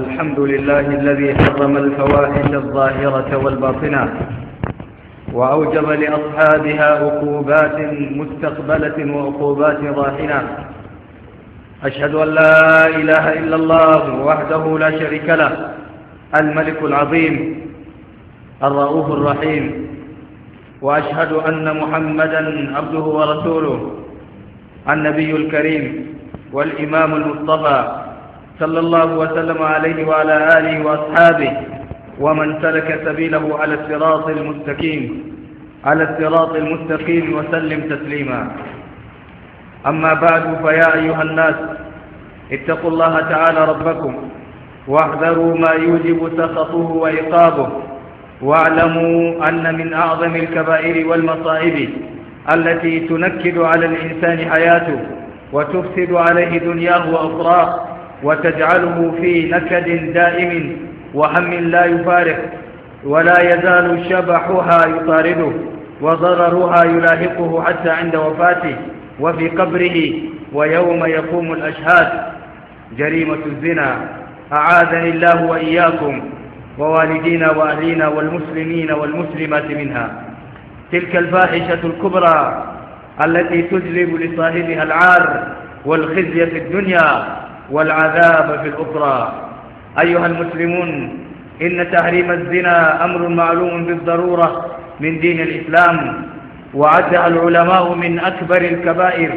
الحمد لله الذي حرم الفواحش الظاهرة والباطنة وأوجب لأصحابها عقوبات مستقبلة وعقوبات ظاهرة أشهد أن لا إله إلا الله وحده لا شريك له الملك العظيم الرؤوف الرحيم وأشهد أن محمدا عبده ورسوله النبي الكريم والإمام المصطفى صلى الله وسلم عليه وعلى آله وأصحابه ومن سلك سبيله على الصراط المستقيم على الصراط المستقيم وسلم تسليما أما بعد فيا أيها الناس اتقوا الله تعالى ربكم واحذروا ما يوجب سخطه وعقابه واعلموا أن من أعظم الكبائر والمصائب التي تنكد على الإنسان حياته وتفسد عليه دنياه وأخراه وتجعله في نكد دائم وهم لا يفارق ولا يزال شبحها يطارده وضررها يلاحقه حتى عند وفاته وفي قبره ويوم يقوم الأشهاد جريمة الزنا أعاذني الله وإياكم ووالدينا وأهلينا والمسلمين والمسلمات منها تلك الفاحشة الكبرى التي تجلب لصاحبها العار والخزي في الدنيا والعذاب في الأخرى أيها المسلمون إن تحريم الزنا أمر معلوم بالضرورة من دين الإسلام وعدها العلماء من أكبر الكبائر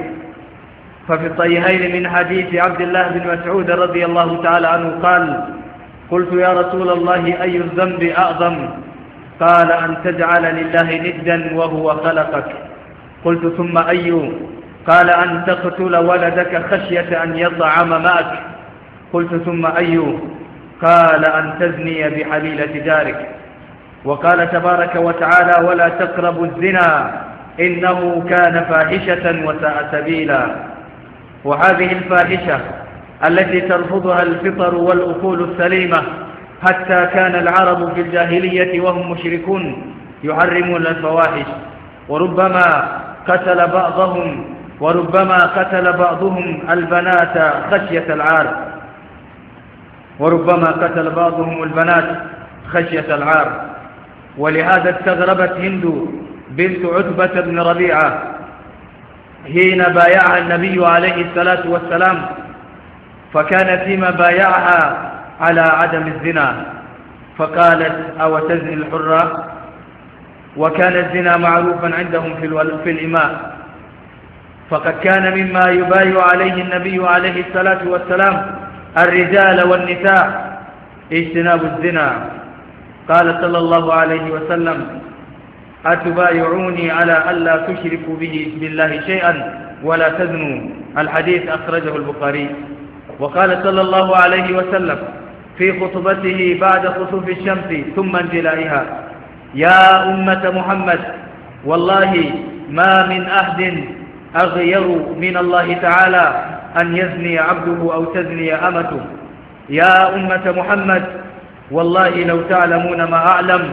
ففي الطيهين من حديث عبد الله بن مسعود رضي الله تعالى عنه قال قلت يا رسول الله أي الذنب أعظم قال أن تجعل لله ندا وهو خلقك قلت ثم أي قال أن تقتل ولدك خشية أن يطعم معك قلت ثم أيه قال أن تزني بحليلة دارك وقال تبارك وتعالى ولا تقربوا الزنا إنه كان فاحشة وساء سبيلا وهذه الفاحشة التي ترفضها الفطر والأقول السليمة حتى كان العرب في الجاهلية وهم مشركون يحرمون الفواحش وربما قتل بعضهم وربما قتل بعضهم البنات خشية العار وربما قتل بعضهم البنات خشية العار ولهذا استغربت هند بنت عتبة بن ربيعة حين بايعها النبي عليه الصلاة والسلام فكان فيما بايعها على عدم الزنا فقالت أو تزني الحرة وكان الزنا معروفا عندهم في, الإماء فقد كان مما يبايع عليه النبي عليه الصلاة والسلام الرجال والنساء اجتناب الزنا قال صلى الله عليه وسلم أتبايعوني على ألا تشركوا به بالله شيئا ولا تزنوا الحديث أخرجه البخاري وقال صلى الله عليه وسلم في خطبته بعد خسوف الشمس ثم انجلائها يا أمة محمد والله ما من أحد أغير من الله تعالى أن يزني عبده أو تزني أمته يا أمة محمد والله لو تعلمون ما أعلم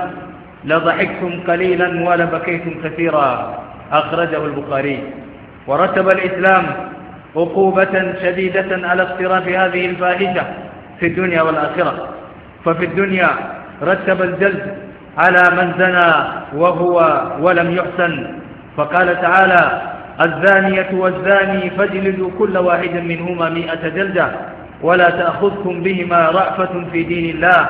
لضحكتم قليلا ولبكيتم كثيرا أخرجه البخاري ورتب الإسلام عقوبة شديدة على اقتراف هذه الفاحشة في الدنيا والآخرة ففي الدنيا رتب الجلد على من زنى وهو ولم يحسن فقال تعالى الزانية والزاني فاجلدوا كل واحد منهما مئة جلدة ولا تأخذكم بهما رأفة في دين الله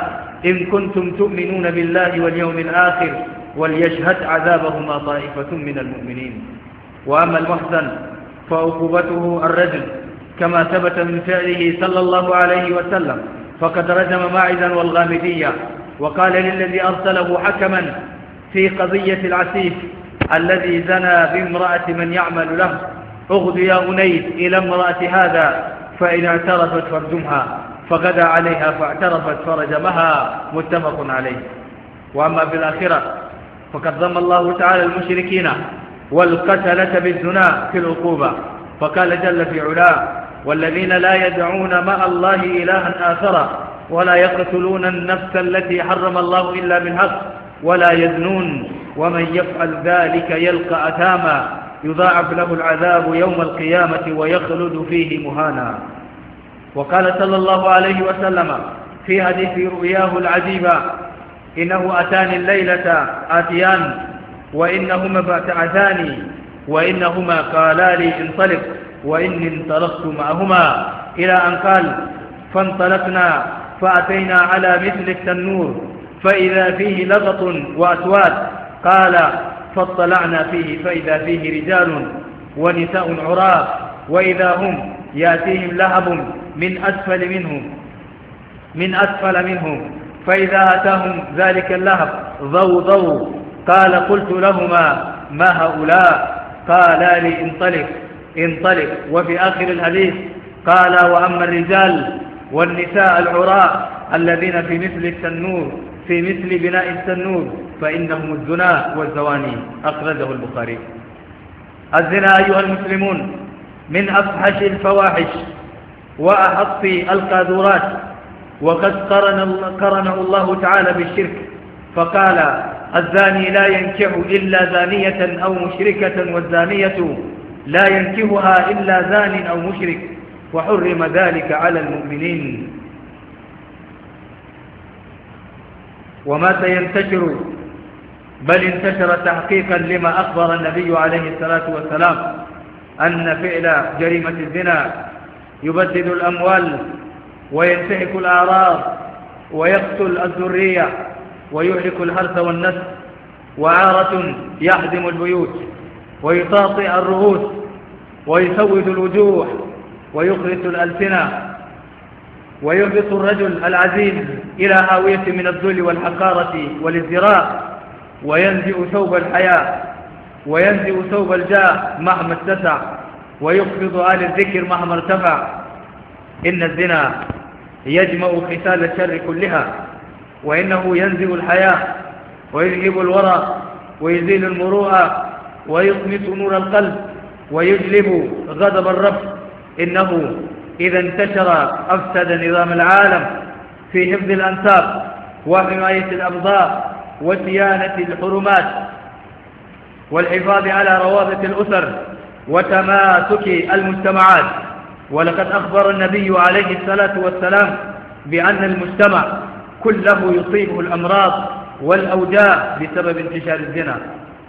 إن كنتم تؤمنون بالله واليوم الآخر وليشهد عذابهما طائفة من المؤمنين وأما المحسن فعقوبته الرجل كما ثبت من فعله صلى الله عليه وسلم فقد رجم ماعزا والغامدية وقال للذي أرسله حكما في قضية العسيف الذي زنى بامرأة من يعمل له اغد يا أنيس إلى امرأة هذا فإن اعترفت فارجمها فغدا عليها فاعترفت فرجمها متفق عليه وأما في الآخرة فقد ضم الله تعالى المشركين والقتلة بالزنا في العقوبة فقال جل في علاه والذين لا يدعون مع الله إلها آخر ولا يقتلون النفس التي حرم الله إلا بالحق ولا يزنون ومن يفعل ذلك يلقى أثاما يضاعف له العذاب يوم القيامة ويخلد فيه مهانا وقال صلى الله عليه وسلم في حديث رؤياه العجيبة إنه أتاني الليلة آتيان وإنهما بعتعثاني وإنهما قالا لي انطلق وإني انطلقت معهما إلى أن قال فانطلقنا فأتينا على مثل التنور فإذا فيه لغط وأسواد قال فاطلعنا فيه فإذا فيه رجال ونساء عراة وإذا هم يأتيهم لهب من أسفل منهم من أسفل منهم فإذا أتاهم ذلك اللهب ضو ضو قال قلت لهما ما هؤلاء قالا لي انطلق انطلق وفي آخر الحديث قال وأما الرجال والنساء العراء الذين في مثل التنور في مثل بناء التنور فإنهم الزنا والزواني أخرجه البخاري الزنا أيها المسلمون من أفحش الفواحش وأحط القاذورات وقد قرن قرنه الله تعالى بالشرك فقال الزاني لا ينكح إلا زانية أو مشركة والزانية لا ينكحها إلا زان أو مشرك وحرم ذلك على المؤمنين وما سينتشر بل انتشر تحقيقا لما أخبر النبي عليه الصلاة والسلام أن فعل جريمة الزنا يبدد الأموال وينتهك الأعراض ويقتل الذرية ويهلك الحرث والنسل وعارة يهدم البيوت ويطاطئ الرؤوس ويسود الوجوه ويخرس الألسنة ويهبط الرجل العزيز إلى هاوية من الذل والحقارة والازدراء وينزئ ثوب الحياء وينزئ ثوب الجاه مهما اتسع ويخفض آل الذكر مهما ارتفع إن الزنا يجمع خسال الشر كلها وإنه ينزئ الحياء ويذهب الورى ويزيل المروءة ويطمس نور القلب ويجلب غضب الرب إنه إذا انتشر أفسد نظام العالم في حفظ الأنساب وحماية الأبضاء وصيانة الحرمات والحفاظ على روابط الأسر وتماسك المجتمعات ولقد أخبر النبي عليه الصلاة والسلام بأن المجتمع كله يصيبه الأمراض والأوجاع بسبب انتشار الزنا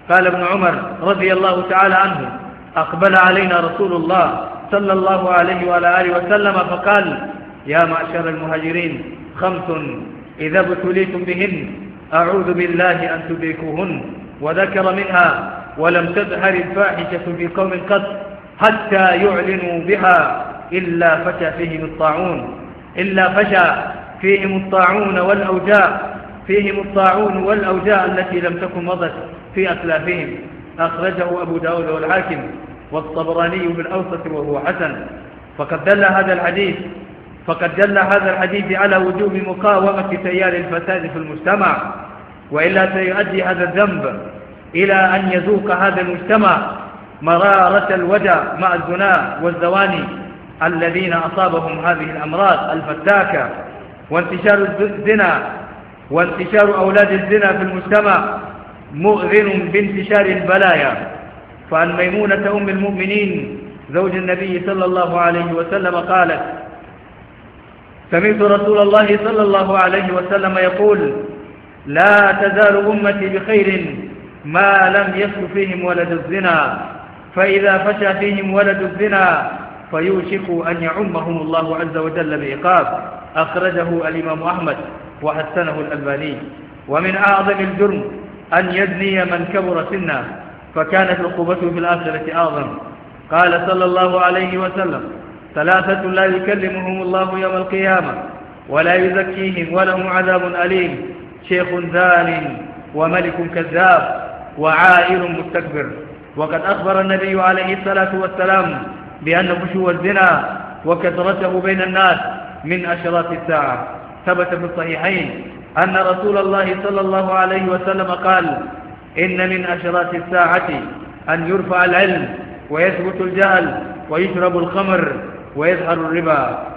قال ابن عمر رضي الله تعالى عنه أقبل علينا رسول الله صلى الله عليه وعلى آله وسلم فقال يا معشر المهاجرين خمس إذا ابتليتم بهن أعوذ بالله أن تدركوهن وذكر منها ولم تظهر الفاحشة في قوم قط حتى يعلنوا بها إلا فشى فيهم الطاعون إلا فشى فيهم الطاعون والأوجاع فيهم الطاعون والأوجاع التي لم تكن مضت في أسلافهم أخرجه أبو داود والحاكم والطبراني بالأوسط وهو حسن فقد دل هذا الحديث فقد دل هذا الحديث على وجوب مقاومة تيار الفساد في المجتمع وإلا سيؤدي هذا الذنب إلى أن يذوق هذا المجتمع مرارة الوجع مع الزنا والزواني الذين أصابهم هذه الأمراض الفتاكة وانتشار الزنا وانتشار أولاد الزنا في المجتمع مؤذن بانتشار البلايا فعن ميمونة أم المؤمنين زوج النبي صلى الله عليه وسلم قالت سمعت رسول الله صلى الله عليه وسلم يقول لا تزال أمتي بخير ما لم يفش فيهم ولد الزنا فإذا فشى فيهم ولد الزنا فيوشك أن يعمهم الله عز وجل بعقاب أخرجه الإمام أحمد وحسنه الألباني ومن أعظم الجرم أن يزني من كبر سنه فكانت عقوبته في الآخرة أعظم قال صلى الله عليه وسلم ثلاثة لا يكلمهم الله يوم القيامة ولا يزكيهم ولهم عذاب أليم شيخ ذال وملك كذاب وعائل مستكبر وقد أخبر النبي عليه الصلاة والسلام بأن فشو الزنا وكثرته بين الناس من أشراط الساعة ثبت في الصحيحين أن رسول الله صلى الله عليه وسلم قال إن من أشراط الساعة أن يرفع العلم ويثبت الجهل ويشرب الخمر ويظهر الربا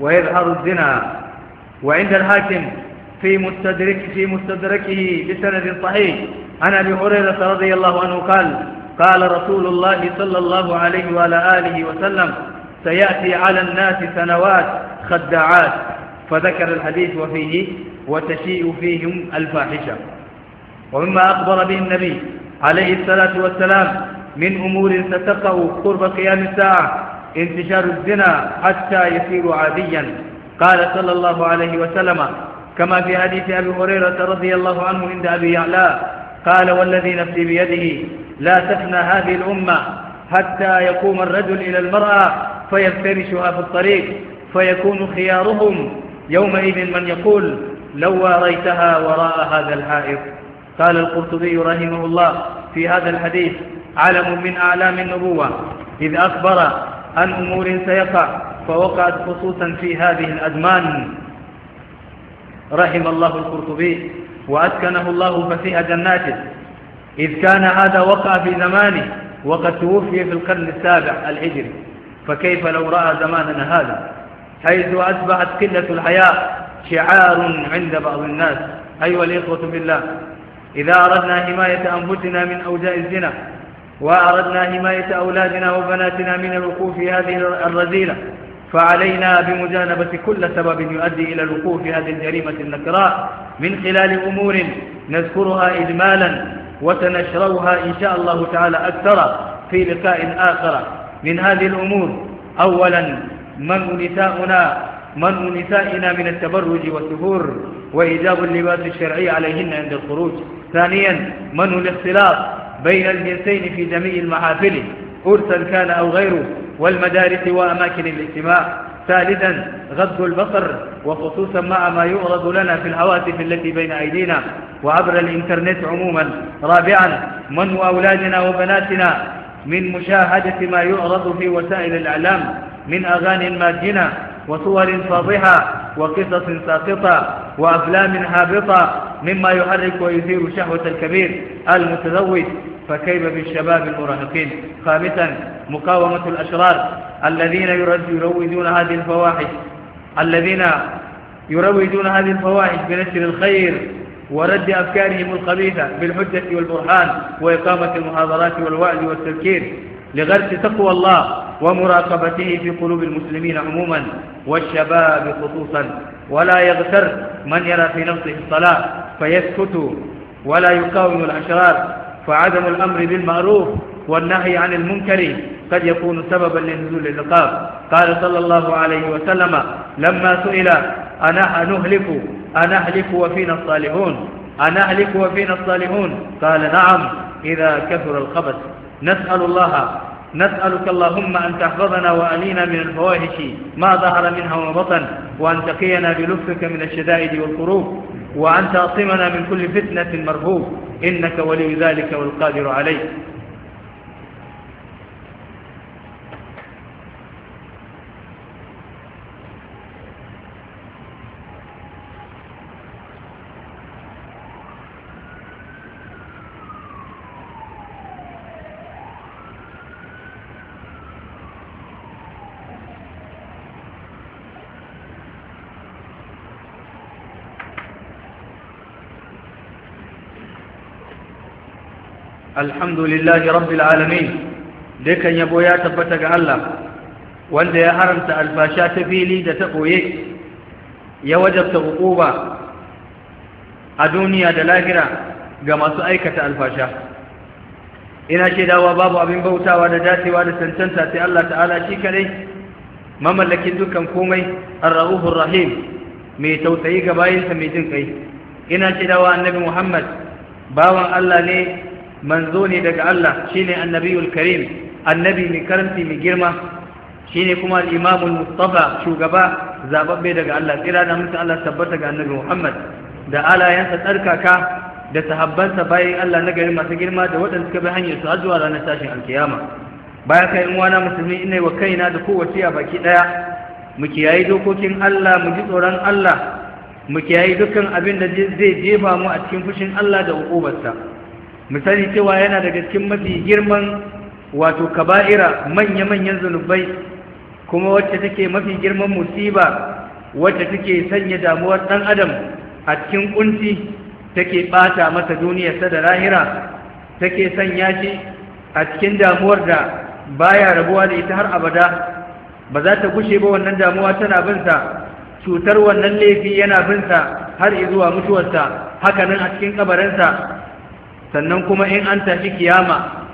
ويظهر الزنا وعند الحاكم في مستدرك في مستدركه بسند صحيح عن ابي هريره رضي الله عنه قال قال رسول الله صلى الله عليه وعلى اله وسلم سياتي على الناس سنوات خداعات فذكر الحديث وفيه وتشيء فيهم الفاحشه ومما أخبر به النبي عليه الصلاة والسلام من أمور ستقع قرب قيام الساعة انتشار الزنا حتى يصير عاديا قال صلى الله عليه وسلم كما في حديث أبي هريرة رضي الله عنه عند أبي يعلى قال والذي نفسي بيده لا تفنى هذه الأمة حتى يقوم الرجل إلى المرأة فيفترشها في الطريق فيكون خيارهم يومئذ من يقول لو واريتها وراء هذا الحائط قال القرطبي رحمه الله في هذا الحديث علم من أعلام النبوة إذ أخبر عن أمور سيقع فوقعت خصوصا في هذه الأزمان رحم الله القرطبي وأسكنه الله فسيح جناته إذ كان هذا وقع في زمانه وقد توفي في القرن السابع الهجري فكيف لو رأى زماننا هذا حيث أصبحت قلة الحياء شعار عند بعض الناس أيها الإخوة بالله إذا أردنا حماية أنفسنا من أوجاء الزنا وأردنا حماية أولادنا وبناتنا من الوقوف في هذه الرذيلة فعلينا بمجانبة كل سبب يؤدي إلى الوقوف في هذه الجريمة النكراء من خلال أمور نذكرها إجمالا وتنشروها إن شاء الله تعالى أكثر في لقاء آخر من هذه الأمور أولا من نساؤنا من نسائنا من التبرج والسفور وإيجاب اللباس الشرعي عليهن عند الخروج ثانيا من الاختلاط بين الجنسين في جميع المحافل أرسا كان أو غيره والمدارس وأماكن الاجتماع ثالثا غض البصر وخصوصا مع ما يعرض لنا في الهواتف التي بين أيدينا وعبر الإنترنت عموما رابعا من أولادنا وبناتنا من مشاهدة ما يعرض في وسائل الإعلام من أغاني ماجنة وصور فاضحة وقصص ساقطة وأفلام هابطة مما يحرك ويثير شهوة الكبير المتزوج فكيف بالشباب المراهقين خامسا مقاومة الأشرار الذين يروجون هذه الفواحش الذين يروجون هذه الفواحش بنشر الخير ورد أفكارهم الخبيثة بالحجة والبرهان وإقامة المحاضرات والوعد والتذكير لغرس تقوى الله ومراقبته في قلوب المسلمين عموما والشباب خصوصا ولا يغتر من يرى في نفسه الصلاة فيسكت ولا يقاوم الأشرار فعدم الأمر بالمعروف والنهي عن المنكر قد يكون سببا لنزول العقاب قال صلى الله عليه وسلم لما سئل أنا نهلك أنهلك وفينا الصالحون أنهلك وفينا الصالحون قال نعم إذا كثر الخبث نسأل الله نسألك اللهم أن تحفظنا وألينا من الفواحش ما ظهر منها وبطن وأن تقينا بلطفك من الشدائد والكروب وأن تعصمنا من كل فتنة مرهوب إنك ولي ذلك والقادر عليه alhamdulillahi rabbil alamin dukan yabo ya tabbata ga Allah wanda ya haramta albasha ta fili da ta koye ya wajabta hukuma a duniya da lahira ga masu aikata albasha ina shaidawa babu abin bautawa da dacewa da tantanta sai Allah ta'ala shi kadai mamallakin dukan komai ar-rahufur rahim mai tausayi ga bayinsa mai jin kai ina shaidawa annabi Muhammad bawan Allah ne manzo ne daga Allah shine annabiyul karim annabi mai karanti mai girma shine kuma al-imamul mustafa shugaba zababbe daga Allah tsira da mutum Allah tabbata ga annabi Muhammad da alayansa tsarkaka da sahabbansa bayan Allah na gari masu girma da waɗanda suka bi hanyar su zuwa ranar tashin alkiyama baya kai in wana musulmi ina wa kaina da kowace a baki daya mu kiyaye dokokin Allah mu ji tsoron Allah mu kiyaye dukkan abin da zai jefa mu a cikin fushin Allah da hukubarsa misali cewa yana daga cikin mafi girman wato kaba'ira manya-manyan zunubai kuma wacce take mafi girman musiba wacce take sanya damuwar ɗan adam a cikin kunci take ɓata masa duniyarsa da lahira take sanya shi a cikin damuwar da baya rabuwa da ita har abada ba za ta gushe ba wannan damuwa tana binsa cutar wannan laifi yana binsa har zuwa mutuwarsa haka nan a cikin kabarinsa sannan kuma in an tashi kiyama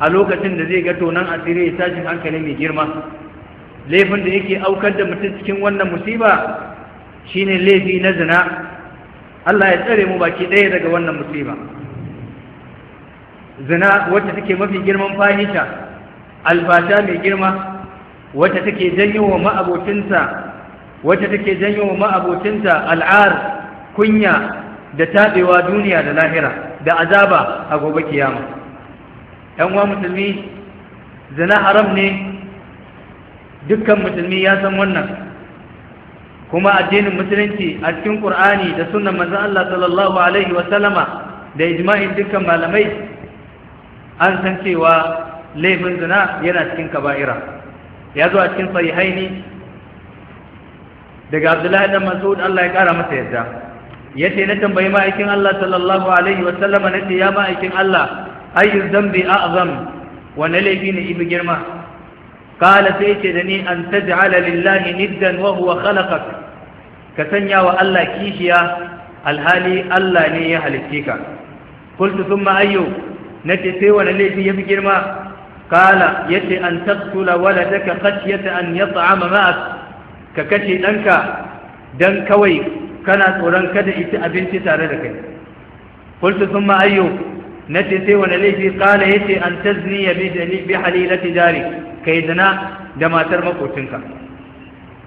a lokacin da zai ga tonan asiri ya tashin hankali mai girma laifin da yake aukar da mutum cikin wannan musiba shine laifi na zina Allah ya tsare mu baki ɗaya daga wannan musiba zina wacce take mafi girman fahisha alfata mai girma wacce take janyo wa ma'abocinta wacce take janyo wa ma'abocinta al'ar kunya da taɓewa duniya da lahira da azaba a gobe kiyama ‘yan wa musulmi zina haram ne dukkan musulmi ya san wannan kuma addinin musulunci a cikin ƙur'ani da sunan manzan Allah sallallahu Alaihi wasallama da ijma'in dukkan malamai an san cewa laifin zina yana cikin kaba'ira ya zo a cikin sahihaini daga abdullahi dan mas'ud Allah ya kara masa yadda yace na tambayi ma'aikin Allah sallallahu alaihi wa sallama nace ya ma'aikin Allah ayyu dhanbi a'zam wa laifi ne ibi girma qala sai ce da ni an taj'ala lillahi niddan wa huwa khalaqak ka sanya wa Allah kishiya alhali Allah ne ya halicce ka qultu thumma ayyu ce sai wani laifi yafi girma qala yace an taqtula waladaka khashyata an yat'ama ma'ak ka kace danka dan kawai kana tsoron kada ita abinci tare da kai kultu sun ma'ayyo na ce sai wani laifi kala ya ce an tazni ya bi halilati jari ka yi zina da matar makocinka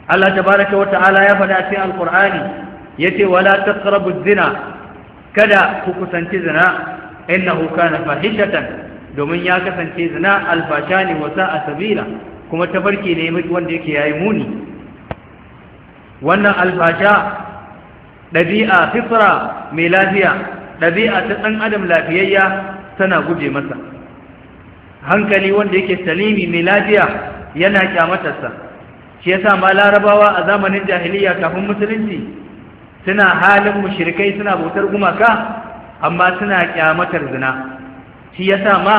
Allah ta baraka wa ta'ala ya faɗa cikin alƙur'ani ya ce wala taqrabu zina kada ku kusanci zina innahu kana fahishatan domin ya kasance zina alfasha ne wasa a sabila kuma tafarki ne wanda yake yayi muni wannan alfasha ɗabi'a fitra mai lafiya ɗabi'a ta ɗan adam lafiyayya tana guje masa hankali wanda yake salimi mai lafiya yana kyamatarsa shi yasa ma larabawa a zamanin jahiliya kafin musulunci suna halin mushirikai suna bautar gumaka amma suna kyamatar zina shi yasa ma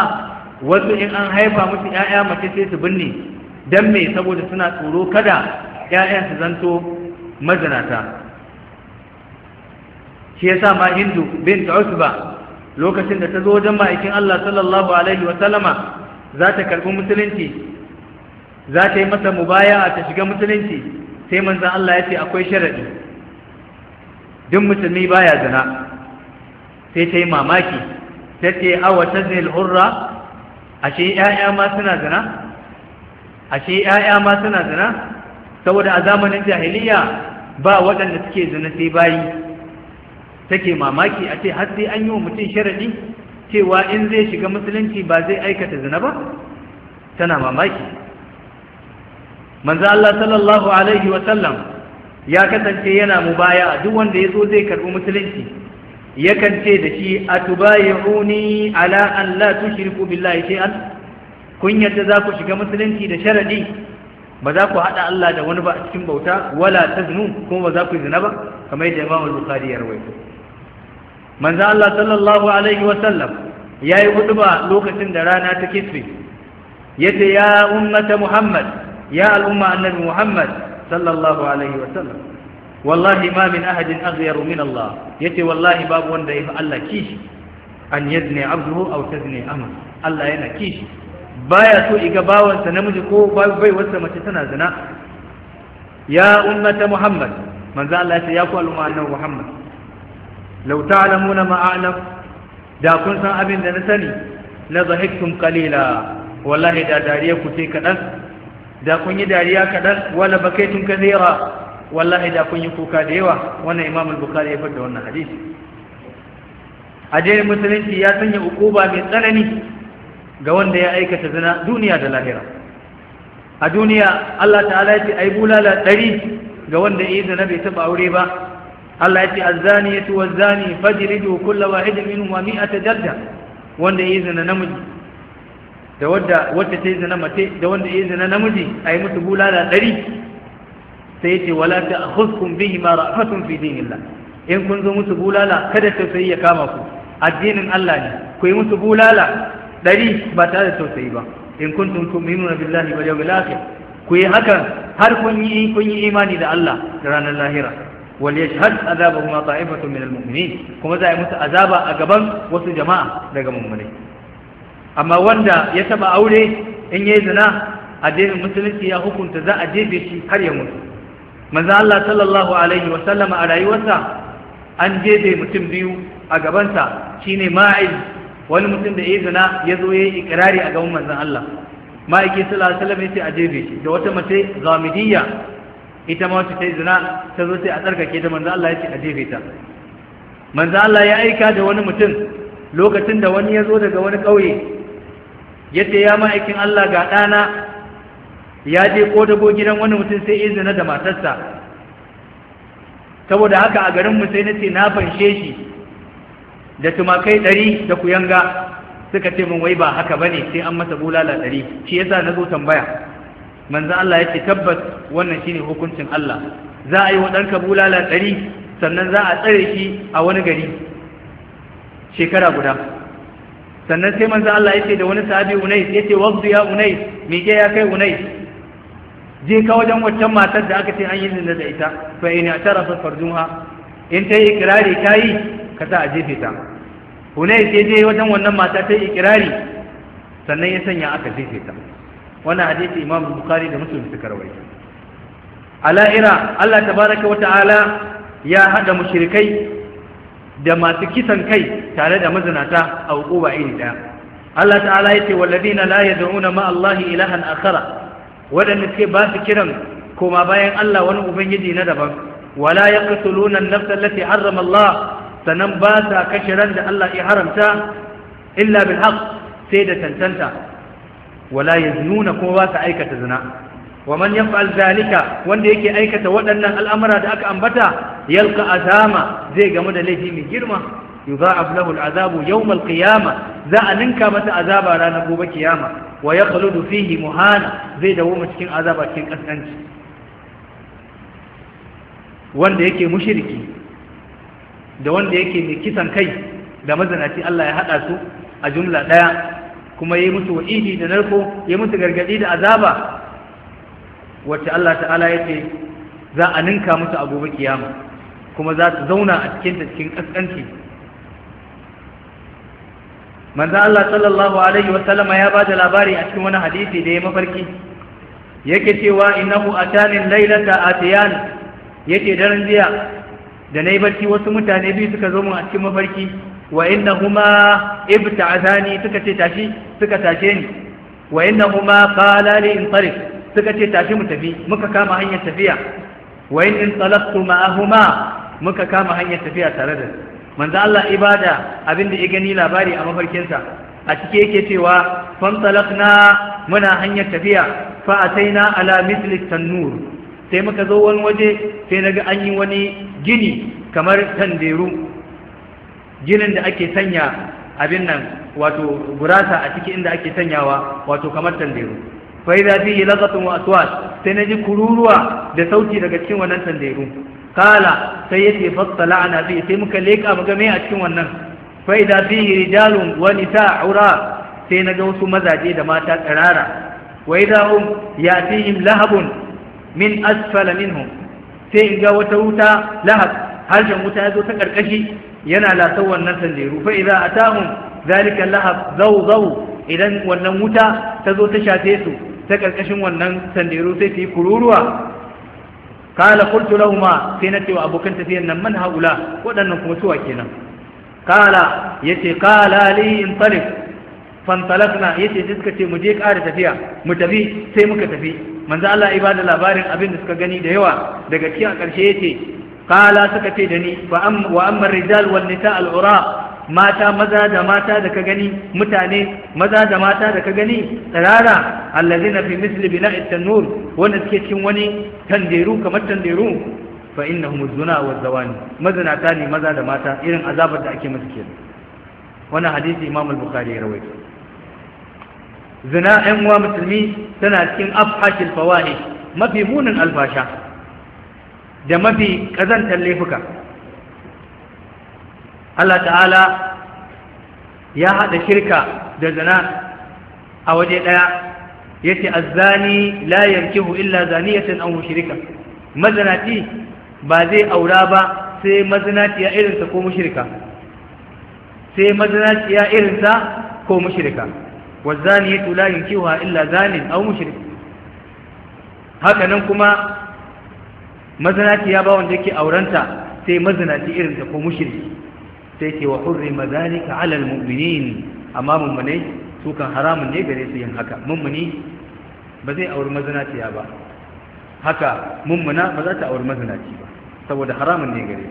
wasu in an haifa musu 'ya'ya mace sai su binne dan me saboda suna tsoro kada ya'yan su zanto mazinata shi yasa ma hindu bint usba lokacin da ta zo wajen ma'aikin Allah sallallahu alaihi wa sallama za ta karbi musulunci za ta yi masa a ta shiga musulunci sai manzan Allah ya ce akwai sharaɗi. duk musulmi baya zina sai ta yi mamaki ta ce awa taznil hurra ashe 'ya'ya ma suna zina ashe 'ya'ya ma suna zina saboda a zamanin jahiliya ba waɗanda suke zina sai bayi take mamaki a ce har sai an yi wa mutum sharaɗi cewa in zai shiga musulunci ba zai aikata zina ba tana mamaki manzo Allah sallallahu alaihi wa sallam ya kasance yana mubaya duk wanda yazo zai karbi musulunci yakan ce da shi atubayuni ala an la tushriku billahi shay'an kun yadda za ku shiga musulunci da sharadi ba za ku haɗa Allah da wani ba a cikin bauta wala taznu kuma ba za ku zina ba kamar yadda Imam Bukhari ya rawaito manzo Allah sallallahu alaihi wasallam yayi huduba lokacin da rana ta ya yace ya ummata Muhammad ya al'umma annabi Muhammad sallallahu alaihi wasallam wallahi ma min ahadin aghyaru min Allah ya yace wallahi babu wanda ya yafi Allah kishi an yazni abduhu aw tazni amr Allah yana kishi baya so iga bawansa namiji ko bai wasa mace tana zina ya ummata Muhammad manzo Allah ya ce ya ku al'umma annabi Muhammad Lauta ta'lamuna ma a'lam da kun san abin da na sani la dhahiktum Kalila. wallahi da dariya ku sai kaɗan, da kun yi dariya kaɗan wala bakaitum kathira wallahi da kun yi kuka da yawa wannan imam al-bukhari ya faɗa wannan hadisi addinin musulunci ya sanya ukuba mai tsanani ga wanda ya aikata zina duniya da lahira a duniya Allah ta'ala ya ce ai bulala ɗari ga wanda ya yi zina bai taɓa aure ba Allah ya ce zani ya azzaniyatu wazzani fajridu kullu wa minhum mi'ata jalda wanda yayi zina namiji da wadda wadda ta yi zina mace da wanda yayi zina namiji a ayi musu bulala ɗari sai ya yace wala ta'khudhukum bihi ma ra'fatun fi dinillah in kun zo musu bulala kada tausayi ya kama ku addinin Allah ne ku yi musu bulala ɗari ba tare da tausayi ba in kuntum tu'minuna billahi wal yawmil akhir ku yi hakan har kun yi kun yi imani da Allah da ranar lahira wal yashhad azabahuma ta'ifatu min almu'minin kuma za a yi musu azaba a gaban wasu jama'a daga mummune amma wanda ya taba aure in yayi zina addinin musulunci ya hukunta za a jefe shi har ya mutu manzo Allah sallallahu alaihi wa a rayuwarsa an jefe mutum biyu a gabansa shine ma'il wani mutum da ya zina ya zo ya yi ikirari a gaban manzon Allah ma'aiki sallallahu alaihi wasallam yace a da wata mace zamidiyya ita ma wacce ta yi zina ta zo sai a tsarkake ta manzo Allah ya ce a jefe ta manzo Allah ya aika da wani mutum lokacin da wani ya zo daga wani ƙauye ya ya ma'aikin Allah ga ɗana ya je ko dago gidan wani mutum sai ya zina da matarsa saboda haka a garin mu sai na ce na fanshe shi da tumakai ɗari da kuyanga suka ce min wai ba haka bane sai an masa bulala ɗari shi yasa na zo tambaya manzo Allah ya ce tabbas wannan shine hukuncin Allah za a yi wa ɗanka bulala ɗari sannan za a tsare shi a wani gari shekara guda sannan sai manzo Allah ya ce da wani sahabi unai ya ce wabdu ya unai mike ya kai unai je ka wajen waccan matar da aka ce an yi zina da ita fa in ya tara farjuha in ta yi ikirari ta yi ka sa a jefe ta unai sai je wajen wannan mata ta yi ikirari sannan ya sanya aka jefe ta wannan hadisi imam bukari da muslim suka rawaita ala'ira Allah tabaraka wa ta'ala ya hada mushrikai da masu kisan kai tare da mazinata a hukuma iri daya Allah ta'ala ce walladina la yad'una ma Allah ilahan akhara wadanda suke ba su kiran koma bayan Allah wani ubangiji na daban wala yaqtuluna an-nafs allati harrama Allah sanan ba sa kashe ran da Allah ya haramta illa bil haqq sai da tantanta wala yaznuna kuma ba su aikata zina wa man yaf'al zalika wanda yake aikata waɗannan al'amura da aka ambata yalqa azama zai gamu da laifi mai girma yudha'af lahu al'azabu yawm al-qiyama za a ninka mata azaba ranar gobe kiyama wa yakhludu fihi muhana zai dawo cikin azaba cikin wanda yake mushriki da wanda yake mai kisan kai da mazanaci Allah ya hada su a jumla daya kuma yi musu wa'idi da narko yi musu gargadi da azaba wacce Allah ta'ala ya ce za a ninka musu a gobe kiyama kuma za su zauna a cikin ta cikin ƙasƙanci manzan Allah sallallahu alaihi wa sallama ya bada labari a cikin wani hadisi da ya mafarki yake cewa innahu Lailata lailata atiyan yake daren jiya da na yi barci wasu mutane biyu suka zo mun a cikin mafarki wa innahuma azani suka ce tashi suka tashe ni wa huma qala li suka ce tashi mu tafi muka kama hanyar tafiya wa in intalaqtu ma'ahuma muka kama hanyar tafiya tare da manzo Allah ibada abinda ya gani labari a mafarkinsa a cike yake cewa fantalaqna muna hanyar tafiya fa ataina ala mithli tanur sai muka zo wani waje sai naga an yi wani gini kamar tanderu ginin da ake sanya abin nan wato gurasa a ciki inda ake sanyawa wato kamar tanderu fa idza fihi lazatun wa aswat sai naji kururuwa da sauti daga cikin wannan tanderu kala sai yace ana bi sai muka leka muga me a cikin wannan fa idza fihi rijalun wa ura sai naga wasu mazaje da mata karara wa idza hum ya'tihim lahabun min asfala minhum sai in ga wata wuta lahab harshen wuta ya zo ta karkashi yana lasar wannan sanderu fa idza atahum zalika lahab zawzaw idan wannan wuta ta zo ta shafe su ta karkashin wannan sanderu sai ta yi kururuwa kala qultu lahumma sai na cewa abokan tafiyan nan man haula waɗannan kuma suwa kenan kala yace kala li intalif fantalakna yace sai suka ce mu je ƙara tafiya mu tafi sai muka tafi manzo Allah ibada labarin abin da suka gani da yawa daga cikin karshe yace qala suka ce da ni wa amma rijal wal nisa al ura mata maza da mata da ka gani mutane maza da mata da ka gani tsirara allazina fi misli bina'i tanur wanda suke cikin wani tanderu kamar tanderu fa innahum zuna wa zawani mazinata ne maza da mata irin azabar da ake musu kenan wannan hadisi imam al-bukhari ya rawaito zina ɗan uwa musulmi tana cikin afhashil fawahish mafi munin alfasha da mafi ƙazantar laifuka Allah ta'ala ya haɗa shirka da zana a waje ɗaya ya ce azzani layar kihu illa zaniyatin an mushrika mazanati ba zai aura ba sai ya irinsa ko mushrika sai ya irinsa ko mushrika wazani ya tula yankiwa illa zanin an mushrika haka nan kuma mazinaci ya ba wanda yake aurenta sai mazinaci irin ta ko mushriki sai ke wa hurri mazalika ala almu'minin amma mummune su kan haramun ne gare su yin haka mummuni ba zai auri mazinaciya ba haka mummuna ba za ta auri mazinaci ba saboda haramun ne gare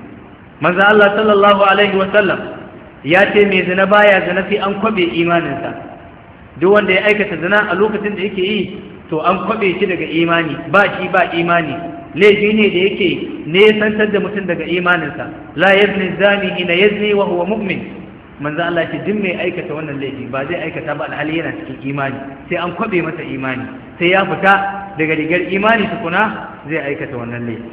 manzo Allah sallallahu alaihi wa sallam ya ce mai zina baya zina sai an kwabe imaninsa duk wanda ya aikata zina a lokacin da yake yi to an kwabe shi daga imani ba shi ba imani laifi ne da yake nesantar da mutum daga imaninsa la yazni zani ina yazni wa huwa mu'min manzo Allah ce din mai aikata wannan laifi ba zai aikata ba alhali yana cikin imani sai an kwabe masa imani sai ya fita daga rigar imani tukuna zai aikata wannan laifi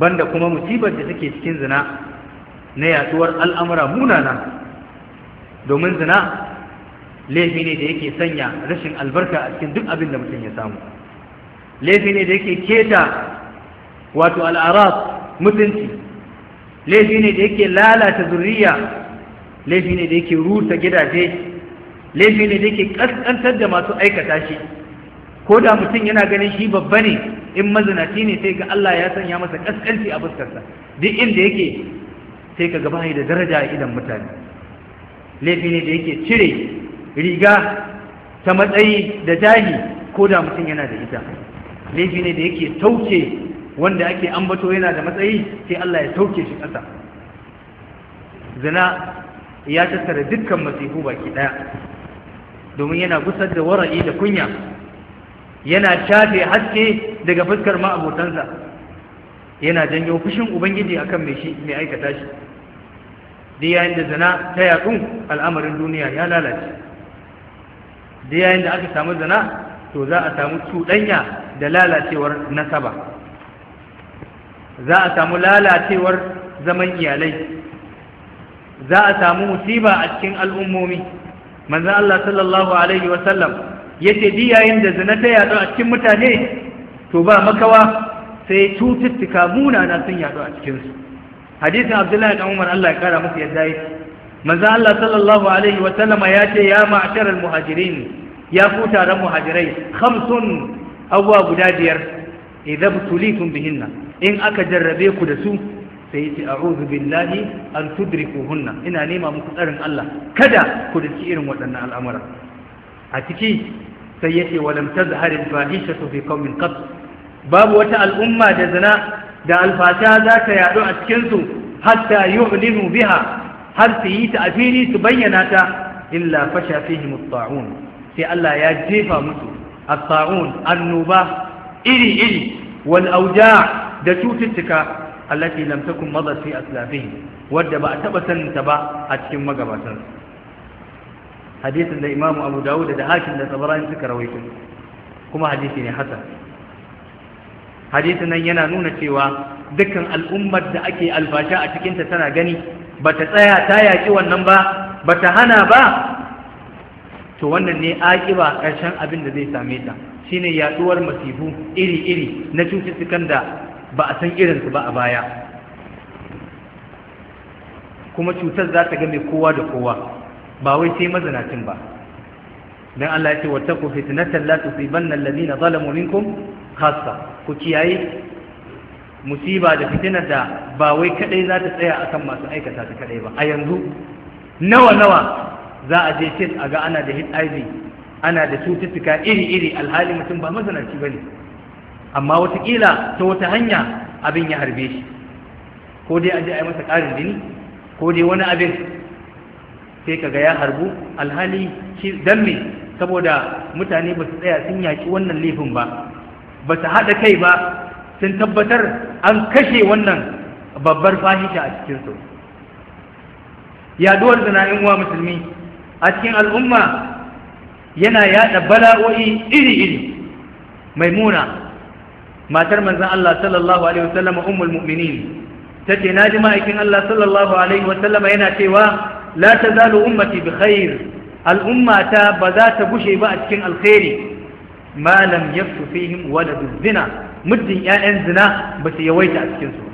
banda kuma musibar da take cikin zina na yaduwar al'amura munana domin zina laifi ne da yake sanya rashin albarka a cikin duk abin da mutum ya samu laifi ne da yake keta wato al'arab mutunci laifi ne da yake lalata zuriya laifi ne da yake rusa gidaje laifi ne da yake kaskantar da masu aikata shi ko da mutum yana ganin shi babba ne in mazinaci ne sai ga Allah ya sanya masa kaskanci a fuskarsa duk inda yake sai ka gaba da daraja a idan mutane laifi ne da yake cire riga ta matsayi da jahi ko da mutum yana da ita laifi ne da yake tauke wanda ake ambato yana da matsayi sai Allah ya tauke shi ƙasa zina ya tattara dukkan masifu baki ɗaya domin yana gusar da wara'i da kunya yana shafe haske daga fuskar ma'abotansa yana janyo fushin ubangiji akan mai mai aikata shi da yayin da zina ta yaƙun, al'amarin duniya ya lalace da yayin da aka samu zina to za a samu cuɗanya da lalacewar nasaba za a samu lalacewar zaman iyalai za a samu musiba a cikin al'ummomi manzan Allah sallallahu Alaihi wasallam ya ce yayin da zina ta yaɗu a cikin mutane to ba makawa sai cututtuka munana sun yaɗu a cikinsu hadisin abdullahi ɗan umar Allah ya kara muku yadda yake manzan Allah sallallahu Alaihi wasallama ya ce ya ma'asharar muhajirin ya ku taron muhajirai khamsun abuwa guda biyar idan tulitun bihinna in aka jarrabe ku da su sai yi a'udhu billahi an tudrikuhunna ina nema muku tsarin Allah kada ku dace irin waɗannan al'amura a ciki sai yace walam tazhar al-fahishatu fi qaumin kaf. babu wata al'umma da zina da alfata za ta yadu a cikin su hatta yu'linu biha har su yi ta afili su bayyana ta illa fasha fihim at sai Allah ya jefa musu as-sa'un annuba iri iri wal auja' da cututtuka allati lam takun madat fi aslafihim wadda ba a taba saninta ba a cikin magabatan hadisin da imamu abu dawud da hakim da tabarani suka rawaito kuma hadisi ne hasan hadisin nan yana nuna cewa dukkan al'ummar da ake albasha a cikinta tana gani bata tsaya ta yaki wannan ba bata hana ba to wannan ne aƙiba ƙarshen abin da zai same ta shine yaduwar masifu iri-iri na cututtukan da ba a san irinsu ba a baya kuma cutar za ta game kowa da kowa ba wai sai mazanacin ba dan Allah ya ce wattaqu fitnatan la tusibanna alladhina zalamu minkum khassa ku kiyaye musiba da fitinar da ba wai kadai za ta tsaya akan masu aikata ta kadai ba a yanzu nawa nawa za a je test a ga ana da hiv ana da cututtuka iri-iri alhali mutum ba mazanarci ba ne amma watakila ta wata hanya abin ya harbe shi ko dai a je a yi masa ƙarin jini ko dai wani abin sai ka ga ya harbu alhali shi dan me saboda mutane ba su tsaya sun yaƙi wannan laifin ba ba su haɗa kai ba sun tabbatar an kashe wannan babbar fahisha a cikinsu yaduwar zana'in wa musulmi a cikin al'umma yana yada bala'o'i iri-iri mai muna. matar manzan Allah sallallahu alaihi wasallam ummul mu'minin tace naji ma'aikin Allah sallallahu alaihi wasallam yana cewa la tazalu ummati bi khair al'ummata ba za ta gushe ba a cikin alkhairi ma lam yafsu fihim waladu zina muddin 'ya'yan zina ba su yawaita a cikinsu. su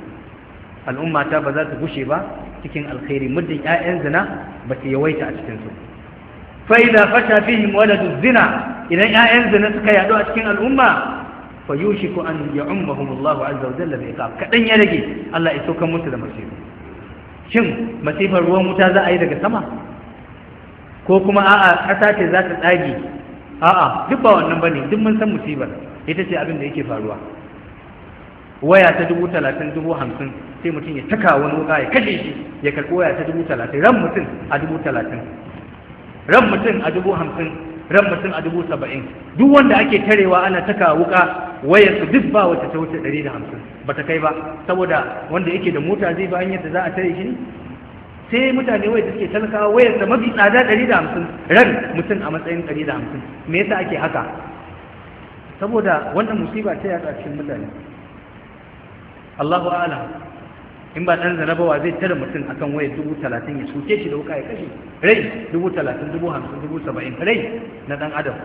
al'ummata ba za ta gushe ba cikin alkhairi muddin 'ya'yan zina ba su yawaita a cikinsu. fa ila fata bihim waladu zina idan ya'en zina suka yado a cikin al'umma fa yushiku an ya'umhum Allahu azza wa jalla bi qab ya rage Allah ya tsoka musu da masifa shin masifar ruwan wuta za a yi daga sama ko kuma a a kasa ce za ta tsagi a a duk ba wannan bane duk mun san musibar ita ce abin da yake faruwa waya ta dubu 30 dubu 50 sai mutun ya taka wani waya kaje ya karbo waya ta dubu 30 ran mutun a dubu ran mutum a dubu hamsin ran mutum a dubu saba'in duk wanda ake tarewa ana taka wuka wayar su duk ba wata ta wuce ɗari da hamsin ba ta kai ba saboda wanda yake da mota zai ba hanyar da za a tare shi sai mutane wayar suke talakawa wayar sa mafi tsada ɗari da hamsin ran mutum a matsayin ɗari da hamsin me yasa ake haka saboda wannan musiba ta yatsa cikin mutane Allahu a'lam in ba ɗan zana zai tare mutum akan waya dubu talatin ya suke shi da wuka ya kashe rai dubu talatin dubu hamsin dubu saba'in rai na ɗan adam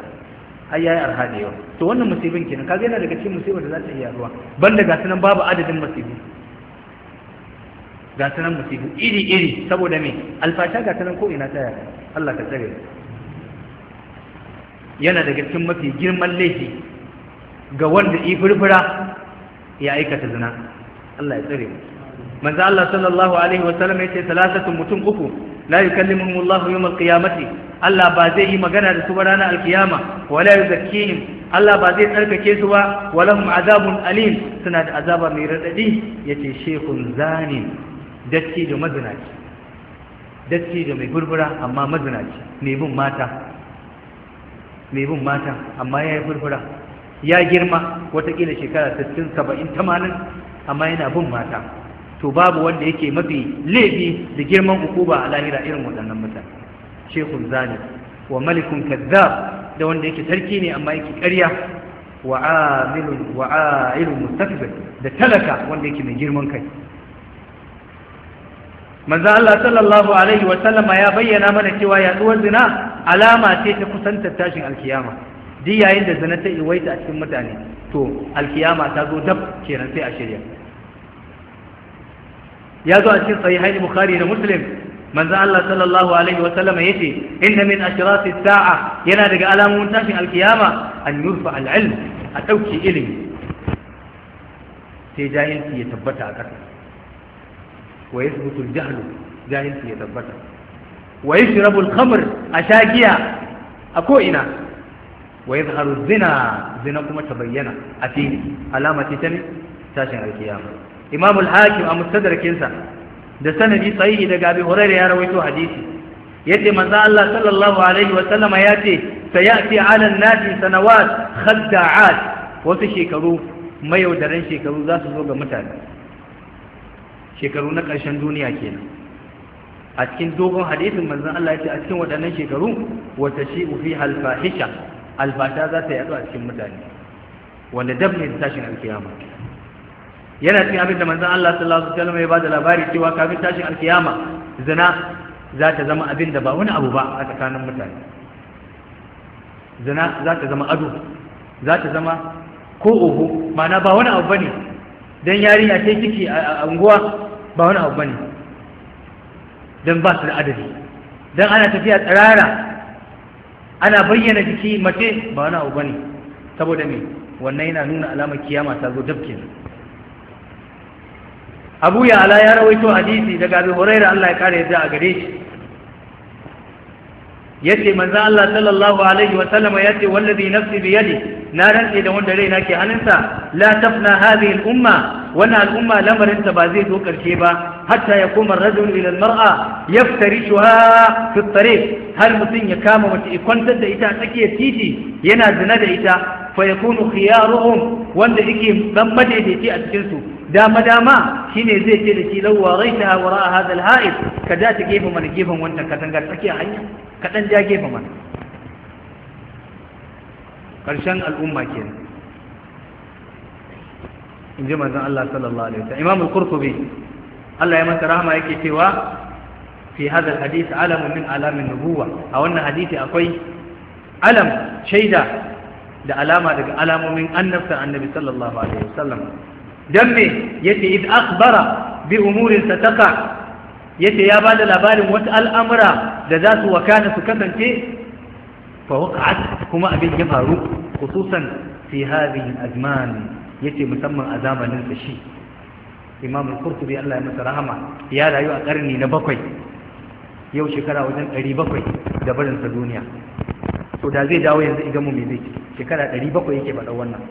ai yayi arha yau to wannan musibin kenan kaga yana daga cikin musibin da za ta iya ruwa ban da gasu nan babu adadin musibu gasu nan musibu iri iri saboda me alfasha gasu nan ko ina ta yaya Allah ka tsare yana daga cikin mafi girman laifi ga wanda ifirfira ya aikata zina Allah ya tsare mu manzo Allah sallallahu alaihi wa sallam yace salasatu mutum uku la yukallimuhum Allah yawm al-qiyamati Allah ba zai yi magana da su ba ranar al-qiyama wala yuzakkihim Allah ba zai tsarkake su ba walahum azabun alim suna da azaba mai radadi yace shekun zani datti da mazinaci datti da mai burbura amma mazinaci mai bin mata mai bin mata amma yayi burbura ya girma watakila shekara 60 70 80 amma yana bin mata to babu wanda yake mafi laifi da girman ukuba a lahira irin waɗannan mutane shekun zani wa malikun kazzab da wanda yake sarki ne amma yake ƙarya wa amilun wa ailun mustakbir da talaka wanda yake mai girman kai manzo Allah sallallahu alaihi wa sallama ya bayyana mana cewa yaduwar zina alama ce ta kusantar tashin alkiyama duk yayin da zina ta iwaita a cikin mutane to alkiyama ta zo dab kenan sai a shirya ya zo a cikin sahihain bukhari da muslim manzo Allah sallallahu alaihi wa sallam yace inna min ashrati sa'a yana daga alamun tashin alkiyama an yurfa al-ilm a dauki ilimi sai jahilci ya tabbata a ƙasa wa yasbutu al-jahlu jahilci ya tabbata wa yashrabu al-khamr ashaqiya a ko ina wa yadhharu zina zina kuma ta bayyana a fili alama ce ta tashin alkiyama imam al-hakim a mustadrakinsa da sanadi sahihi daga abi hurairah ya rawaito hadisi yace manzo Allah sallallahu alaihi wa sallama yace sayati ala an-nasi sanawat khadda'at wasu shekaru mayaudaran shekaru za su zo ga mutane shekaru na ƙarshen duniya kenan a cikin dogon hadisin manzon Allah yace a cikin waɗannan shekaru wata shi fi al-fahisha alfata za ta yaɗu a cikin mutane wanda dabne tashin alkiyama yana cikin abin da manzon Allah sallallahu alaihi wasallam ya bada labari cewa kafin tashin alkiyama zina za ta zama abin da ba wani abu ba a tsakanin mutane zina za ta zama ado za ta zama ko oho ma'ana ba wani abu bane dan a ce ciki a unguwa ba wani abu bane dan ba su da adadi dan ana tafiya tsirara ana bayyana jiki mace ba wani abu bane saboda me wannan yana nuna alamar kiyama ta zo dabkin abu ya ala ya rawaito hadisi daga abin huraira Allah ya kare yadda a gare shi yace manzo Allah sallallahu alaihi wa sallama yace wallazi nafsi bi yadi na rantse da wanda raina ke hannunsa la tafna hadhihi al umma wannan al umma lamarin ta ba zai zo karshe ba hatta ya koma rajul ila al mar'a yaftarishuha fi tariq har mutun ya kama mace kwantar da ita a titi yana zina da ita fa yakunu khiyaruhum wanda yake dan madaidaici a cikin su dama dama shine zai ce da shi lawwa raita wa ra'a hadha al-ha'id ka da ta gefe mana gefen wannan katanga tsakiyar hanya ka dan ja gefe mana karshen al'umma kenan in ji manzon Allah sallallahu alaihi wasallam Imam qurtubi Allah ya masa rahama yake cewa fi hadha al-hadith alamun min alamin nubuwa a wannan hadisi akwai alam shaida da alama daga alamomin annabta annabi sallallahu alaihi wasallam don me yace id akhbara bi umurin sataka yace ya bada labarin wata al'amura da za su wakana su kasance fa waqa'at kuma abin ya faru khususan fi hadhihi al-azman yace musamman a zamanin sa shi imam al-qurtubi Allah ya masa rahama ya rayu a karni na bakwai yau shekara wajen 700 da barin sa duniya to da zai dawo yanzu idan mu me zai shekara 700 yake faɗa wannan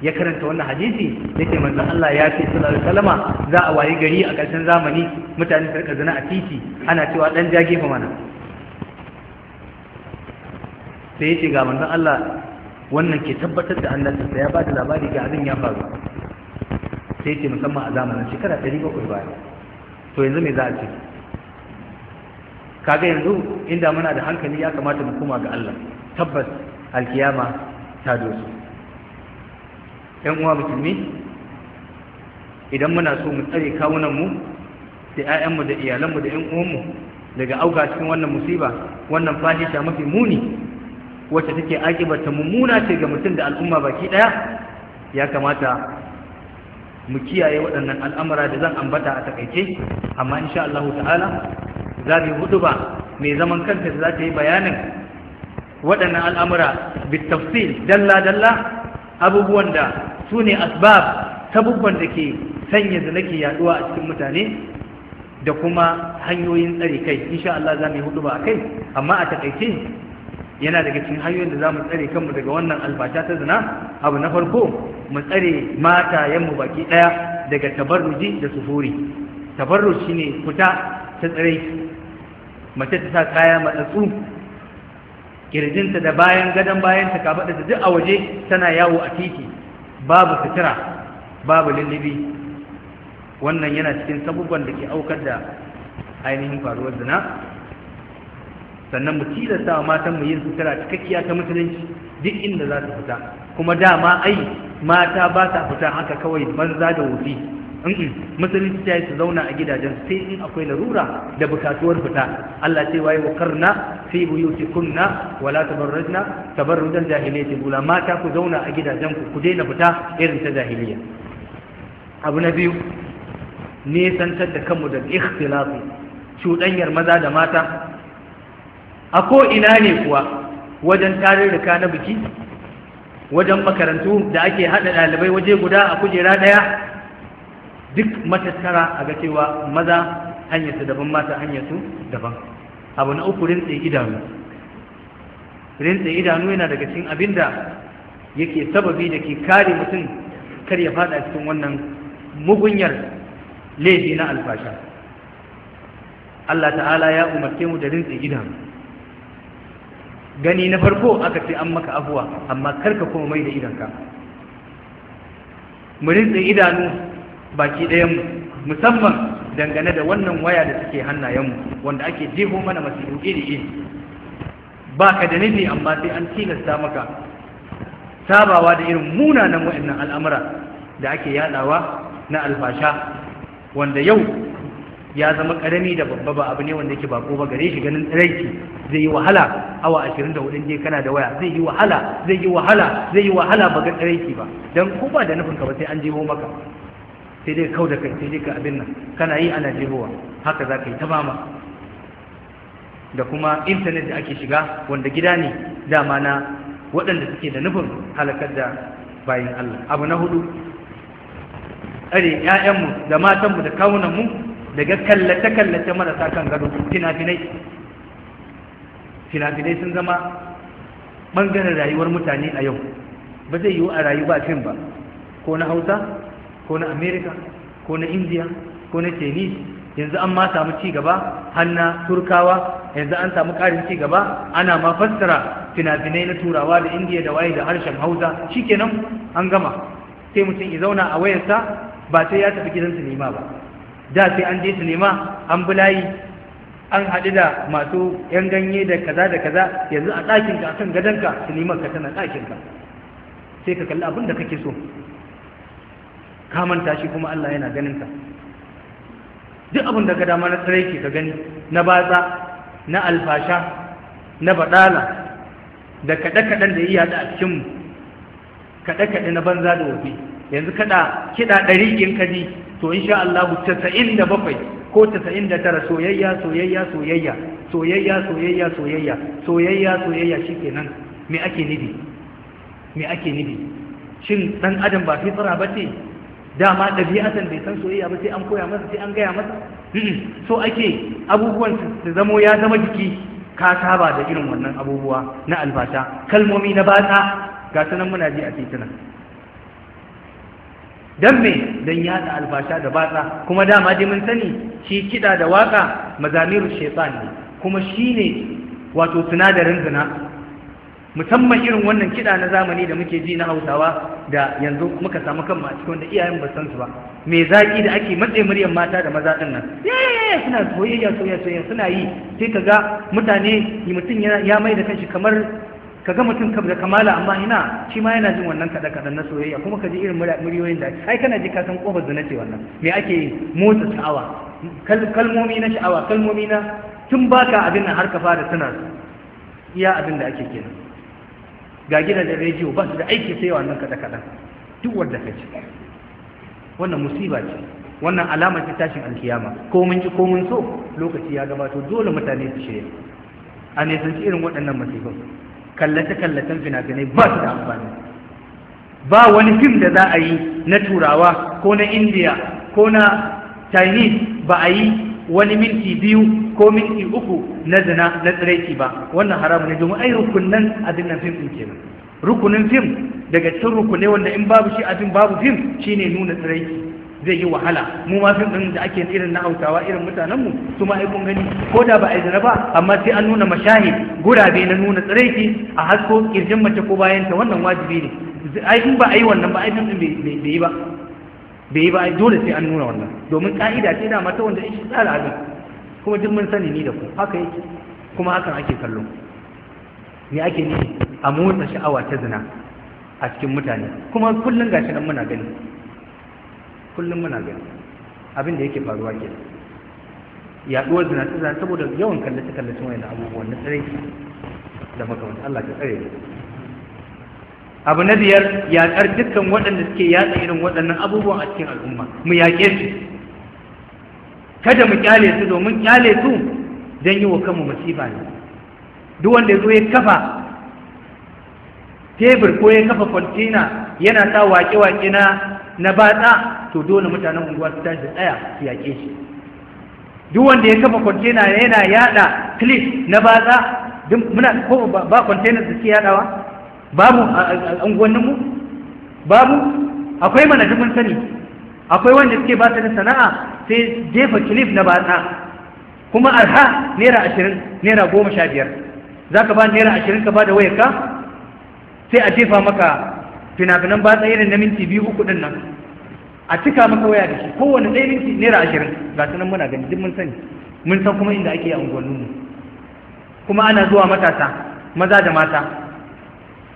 ya karanta wannan hadisi ce, manzan Allah ya ce sallallahu alaihi wasallama za a wayi gari a ƙarshen zamani mutane su rika zina a titi ana cewa dan ja gefe mana sai ce ga manzan Allah wannan ke tabbatar da sai ya ba da labari ga abin ya faru sai ce musamman a zamanin shekara 700 baya to yanzu me za a ce kaga yanzu inda muna da hankali ya kamata mu koma ga Allah tabbas alkiyama ta doso yan uwa musulmi idan muna so mu tsare kawunanmu da 'ya'yanmu da iyalanmu da 'yan uwanmu daga auka cikin wannan musiba wannan fahisha mafi muni wacce take akibarta mummuna ce ga mutum da al'umma baki ɗaya ya kamata mu kiyaye waɗannan al'amura da zan ambata a takaice amma insha Allah ta'ala za mu hudu ba mai zaman kanta za ta yi bayanin waɗannan al'amura bitafsil dalla dalla abubuwan da su ne asbab sabubban da ke sanya zina ke yaduwa a cikin mutane da kuma hanyoyin tsare kai insha Allah za mu yi hudu ba a kai amma a takaice yana daga cikin hanyoyin da za mu tsare kanmu daga wannan albasha ta zina abu na farko mu tsare matayenmu baki ɗaya daga tabarruji da sufuri tabarru shine fita ta tsare mace ta sa kaya matsatsu kirjinta da bayan gadon bayanta kafaɗa da duk a waje tana yawo a titi babu fitira babu lullubi wannan yana cikin sabubban da ke aukar da ainihin faruwar zina sannan mu tilasta wa matan mu yin sutura cikakkiya ta musulunci duk inda za su fita kuma dama ai mata ba sa fita haka kawai banza da wufi musulunci ta yi su zauna a gidajen sai in akwai larura da bukatuwar fita Allah ce waye wakarna fi buyuti kunna wala tabarrajna tabarrujan jahiliyyati bula mata ku zauna a gidajen ku daina fita irin ta jahiliya abu na biyu nesantar da kanmu da ikhtilafi cuɗanyar maza da mata a ko ina ne kuwa wajen tarurruka na biki wajen makarantu da ake haɗa ɗalibai waje guda a kujera ɗaya duk matattara a ga cewa maza hanyarsu daban mata hanyarsu daban abu na uku rintse idanu rintse idanu yana daga cikin abin da yake sababi da ke kare mutum kar ya fada cikin wannan mugunyar laifi na alfasha Allah ta'ala ya umarce mu da rintse idanu gani na farko aka ce an maka abuwa amma karka kuma mai da idanka mu rintse idanu baki ɗayanmu musamman dangane da wannan waya da suke hannayenmu wanda ake jeho mana masu iri iri ba ka da nufi amma sai an tilasta maka sabawa da irin munanan wa'annan al'amura da ake yadawa na alfasha wanda yau ya zama karami da babba ba abu ne wanda yake bako ba gare shi ganin tsiraiki zai yi wahala awa 24 je kana da waya zai yi wahala zai yi wahala zai yi wahala ba ga tsiraiki ba dan ko ba da nufin ka ba sai an jeho maka sai dai kau da kai sai dai ka abin nan kana yi ana jirowa haka za ka yi ta mama da kuma intanet da ake shiga wanda gida ne dama na waɗanda suke da nufin halakar da bayan Allah abu na hudu are ‘ya'yanmu da matanmu da kawunanmu daga kallace-kallace marasa kan gado fina-finai fina-finai sun zama ɓangaren rayuwar mutane a yau ba zai yiwu a rayu ba fim ba ko na hausa ko na Amerika, ko na india ko na tennis, yanzu an ma samu ci gaba hanna turkawa yanzu an samu karin ci gaba ana ma fassara fina-finai na turawa da indiya da waye da harshen hausa shikenan an gama sai mutum ya zauna a wayarsa ba sai ya tafi gidan su sinima ba da sai an je su sinima an bi layi an haɗu da masu yan ganye da kaza da kaza yanzu a ɗakinka a kan gadonka sinimar ka tana ɗakinka sai ka kalli abin da kake so ka manta shi kuma Allah yana ganin ka duk abin da ka dama na tsare ke ka gani na batsa na alfasha na badala da kaɗe-kaɗen da iya da a cikinmu kaɗe-kaɗe na banza da wafi yanzu kaɗa kiɗa ɗari in ji to in sha Allah tasa'in da bakwai ko tasa'in da tara soyayya soyayya soyayya soyayya soyayya soyayya soyayya soyayya shi kenan me ake nufi me ake nibi shin ɗan adam ba fitsara ba ce dama ɗabi'atan bai san soyayya ba sai an koya masa sai an gaya masa so ake abubuwan su zamo ya zama jiki ka saba da irin wannan abubuwa na albata kalmomi na batsa ga sanan muna ji a titina dan me dan yada albasha da batsa kuma dama dai mun sani shi kida da waka mazamiru shaytan ne kuma shine wato sinadarin zina musamman irin wannan kiɗa na zamani da muke ji na hausawa da yanzu muka samu kanmu a cikin wanda iyayen ba san su ba me zaƙi da ake matsayin muryar mata da maza ɗin nan yayaya suna soyayya soyayya suna yi sai ka ga mutane mutum ya mai da kanshi kamar ka ga mutum da kamala amma ina shi ma yana jin wannan kaɗa kaɗan na soyayya kuma ka ji irin muryoyin da ai kana ji ka san ƙofar zina ce wannan me ake motsa sha'awa kalmomi na sha'awa kalmomi na tun baka abin nan har ka fara suna iya abin da ake kenan ga da rediyo ba su da aiki sai wannan kaɗa-kaɗan duk wanda ka ci wannan musiba ce wannan alamar ce tashin alkiyama ko mun ci ko mun so lokaci ya gabato dole mutane su shirya a nisanci irin waɗannan masifin kallace-kallacen fina-finai ba su da amfani ba wani fim da za a yi na turawa ko na indiya ko na chinese ba a yi wani minti biyu ko minti uku na zina na tsiraiki ba wannan haramu ne domin ai rukunan abin nan fim ɗin kenan rukunin fim daga cikin rukunai wanda in babu shi abin babu fim shine nuna tsiraiki zai yi wahala mu ma fim ɗin da ake irin na hautawa irin mutanenmu su ma aikun gani ko da ba a zina ba amma sai an nuna mashahid gurabe na nuna tsiraiki a hasko kirjin mace ko bayanta wannan wajibi ne ai in ba a yi wannan ba ai fim bai yi ba bai ba dole sai an nuna wannan domin ka'ida ce dama ta wanda ishi tsara abin kuma duk mun sani ni da ku haka yake kuma hakan ake kallo me ake ne a motsa sha'awa ta zina a cikin mutane kuma kullum gashi nan muna gani kullum muna gani abin da yake faruwa ke Yaɗuwar zina ta zina saboda yawan kallace kallace wani abubuwan na tsare da makamantan Allah ya tsare abu na biyar yaƙar dukkan waɗanda suke yaɗa irin waɗannan abubuwan a cikin al'umma mu yaƙe su kada mu kyale su domin kyale su don yi wa kanmu masifa ne duk wanda zo ya kafa tebur ko ya kafa kwantena yana sa wake-wake na na batsa to dole mutanen unguwa su tashi tsaya su yaƙe shi duk wanda ya kafa kwantena yana yada clip na batsa muna ko ba kwantena su ke yadawa babu a unguwanninmu babu akwai mana duk mun sani akwai wanda suke ba ta da sana'a sai jefa kilif na batsa kuma arha naira ashirin naira goma sha biyar za ka ba naira ashirin ka ba da wayarka sai a jefa maka finafinan batsa irin na minti biyu uku ɗin nan a cika maka waya da shi kowane ɗaya minti naira ashirin ga su muna gani duk mun sani mun san kuma inda ake a unguwanninmu kuma ana zuwa matasa maza da mata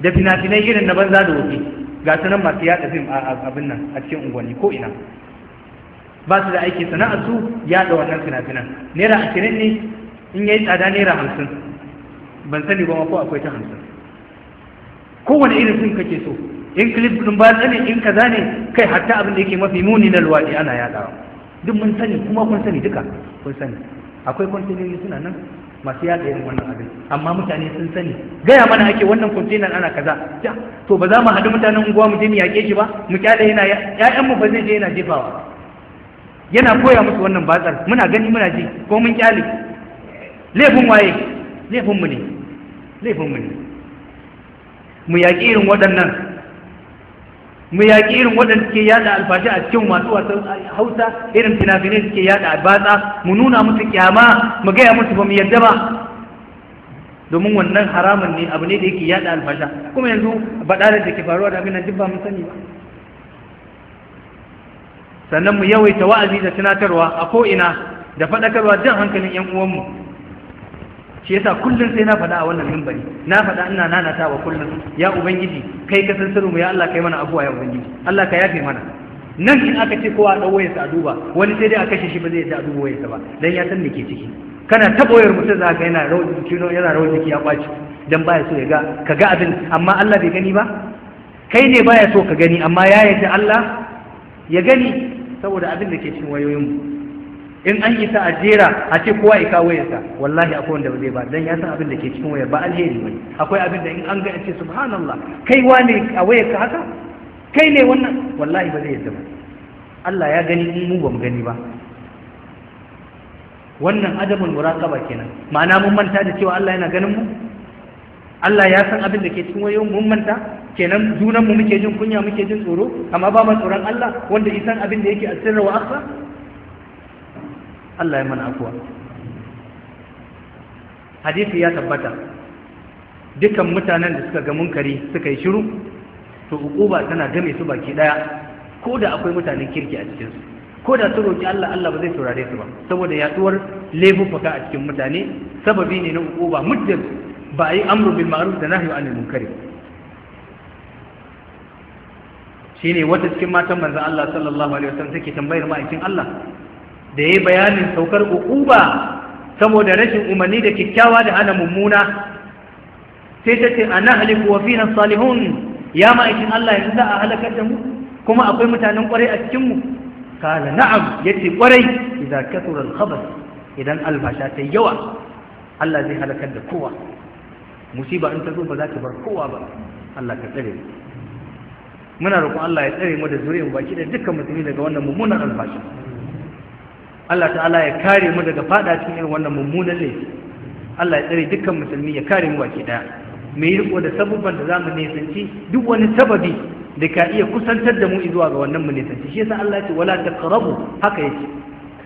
da finafinai irin na banza da wofi ga su nan masu yaɗa fim a abin nan a cikin unguwanni ko ina ba su da aiki sana'ar su yaɗa wannan fina-finan naira ashirin ne in yayi tsada naira hamsin ban sani ba ko akwai ta hamsin kowane irin fim kake so in clip din ba sani in kaza ne kai hatta abin da yake mafi muni na luwaɗi ana yada duk mun sani kuma kun sani duka kun sani akwai kwantiniyoyi suna nan masu yaɗa irin wannan abin amma mutane sun sani gaya mana ake wannan kwantenan ana kaza to ba za mu haɗu mutanen unguwa mu je mu yaƙe shi ba mu kyale yana ƴaƴan mu ba zai je yana jefawa yana koya musu wannan batsar muna gani muna ji ko mun kyale laifin waye laifin mu ne laifin mu ne mu yaƙi irin waɗannan mu yaƙi irin waɗanda suke yada alfashi a cikin masu wasan hausa irin finafinai suke yada albasa, mu nuna musu kyama mu gaya musu ba mu yadda ba domin wannan haramun ne abu ne da yake yada alfasha kuma yanzu baɗalar da ke faruwa da abin da duk ba mu sani ba sannan mu yawaita wa'azi da tunatarwa a ko'ina da faɗakarwa jan hankalin 'yan uwanmu shi yasa kullum sai na faɗa a wannan mimbari na faɗa ina nanata wa kullum ya ubangiji kai ka san sirrinmu ya Allah kai mana abuwa ya ubangiji Allah ka yafe mana nan in aka ce kowa ɗan wayarsa a duba wani sai dai a kashe shi ba zai yi a duba wayarsa ba dan ya san me ke ciki kana taɓa wayar mutum za ka yana rawar kino yana rawar jiki ya ɓaci dan baya so ya ga ka ga abin amma Allah bai gani ba kai ne baya so ka gani amma ya yarda Allah ya gani saboda abin da ke cikin wayoyinmu in an isa a jera a ce kowa ya kawo yasa wallahi akwai wanda ba zai ba dan ya san abin da ke cikin waya ba alheri bane akwai abin da in an ga ce subhanallah kai wane a wayar ka haka kai ne wannan wallahi ba zai yadda ba Allah ya gani in mu bamu gani ba wannan adamin muraqaba kenan ma'ana mun manta da cewa Allah yana ganin mu Allah ya san abin da ke cikin wayoyin mun manta kenan junan mu muke jin kunya muke jin tsoro amma ba mu tsoron Allah wanda isan abin da yake a wa akhfa Allah ya mana afuwa hadisi ya tabbata dukan mutanen da suka ga munkari suka yi shiru to ukuba tana game su baki daya ko da akwai mutanen kirki a cikinsu ko da su roki Allah Allah ba zai saurare su ba saboda yaduwar laifuffuka a cikin mutane sababi ne na ukuba muddin ba a yi amru bil ma'ruf da nahyu anil munkari shine wata cikin matan manzon Allah sallallahu alaihi wasallam take tambayar ma'aikin Allah da ya yi bayanin saukar ukuba saboda rashin umarni da kyakkyawa da hana mummuna sai ta ce a na halifu wa fina salihun ya ma'aikin Allah yanzu za a halakar da mu kuma akwai mutanen kwarai a cikinmu kala na'am ya ce kwarai idan kasurar khabar idan albasha ta yawa Allah zai halakar da kowa musiba in ta zo ba za ta bar kowa ba Allah ka tsare muna roƙon Allah ya tsare mu da zuriyar baki da dukkan mutane daga wannan mummunan albasha. Allah ta'ala ya kare mu daga fada cikin irin wannan mummunan laifi Allah ya tsare dukkan musulmi ya kare mu baki daya mai yi riko da sabubban da zamu nisanci duk wani sababi da ka iya kusantar da mu zuwa ga wannan mu nisanci shi yasa Allah ya ce wala taqrabu haka yake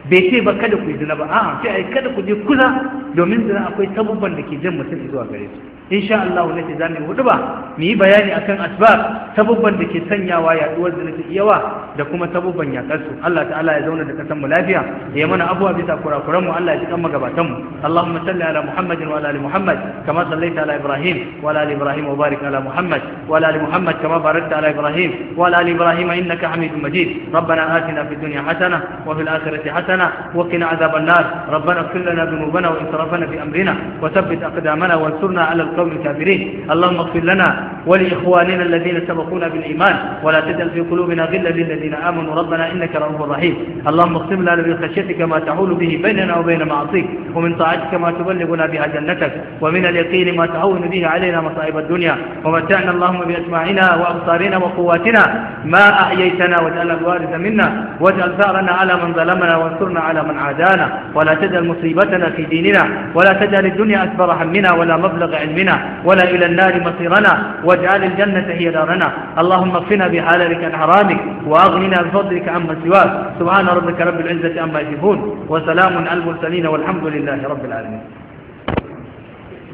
bai ce ba kada ku yi zina ba a sai ai kada ku je kusa domin zina akwai sabubban da ke jan mutum zuwa gare su insha Allah nake za mu hudu ba mu yi bayani akan asbab sabubban da ke sanyawa yaduwar zina ta yawa da kuma sabubban ya su Allah ta'ala ya zauna da kasan mu lafiya ya mana abuwa bisa kurakuran mu Allah ya jikan magabatan mu Allahumma salli ala Muhammadin wa ala ali Muhammad kama sallaita ala Ibrahim wa ala ali Ibrahim wa barik ala Muhammad wa ala ali Muhammad kama barakta ala Ibrahim wa ala ali Ibrahim innaka Hamidum Majid ربنا آتنا في الدنيا حسنة وفي الآخرة حسنة ربنا وقنا عذاب النار ربنا اغفر لنا ذنوبنا وانصرفنا في أمرنا وثبت أقدامنا وانصرنا على القوم الكافرين اللهم اغفر لنا ولإخواننا الذين سبقونا بالإيمان ولا تجعل في قلوبنا غلا للذين آمنوا ربنا إنك رؤوف رحيم اللهم اقسم لنا من خشيتك ما تحول به بيننا وبين معاصيك ومن طاعتك ما تبلغنا بها جنتك ومن اليقين ما تعون به علينا مصائب الدنيا ومتعنا اللهم بأسماعنا وأبصارنا وقواتنا ما أحييتنا واجعل الوارث منا واجعل ثأرنا على من ظلمنا وانصرنا وانصرنا على من عادانا ولا تجعل مصيبتنا في ديننا ولا تجعل الدنيا أكبر همنا ولا مبلغ علمنا ولا إلى النار مصيرنا واجعل الجنة هي دارنا اللهم اغفنا بحلالك عن حرامك وأغننا بفضلك عما سواك سبحان ربك رب العزة عما يصفون وسلام على المرسلين والحمد لله رب العالمين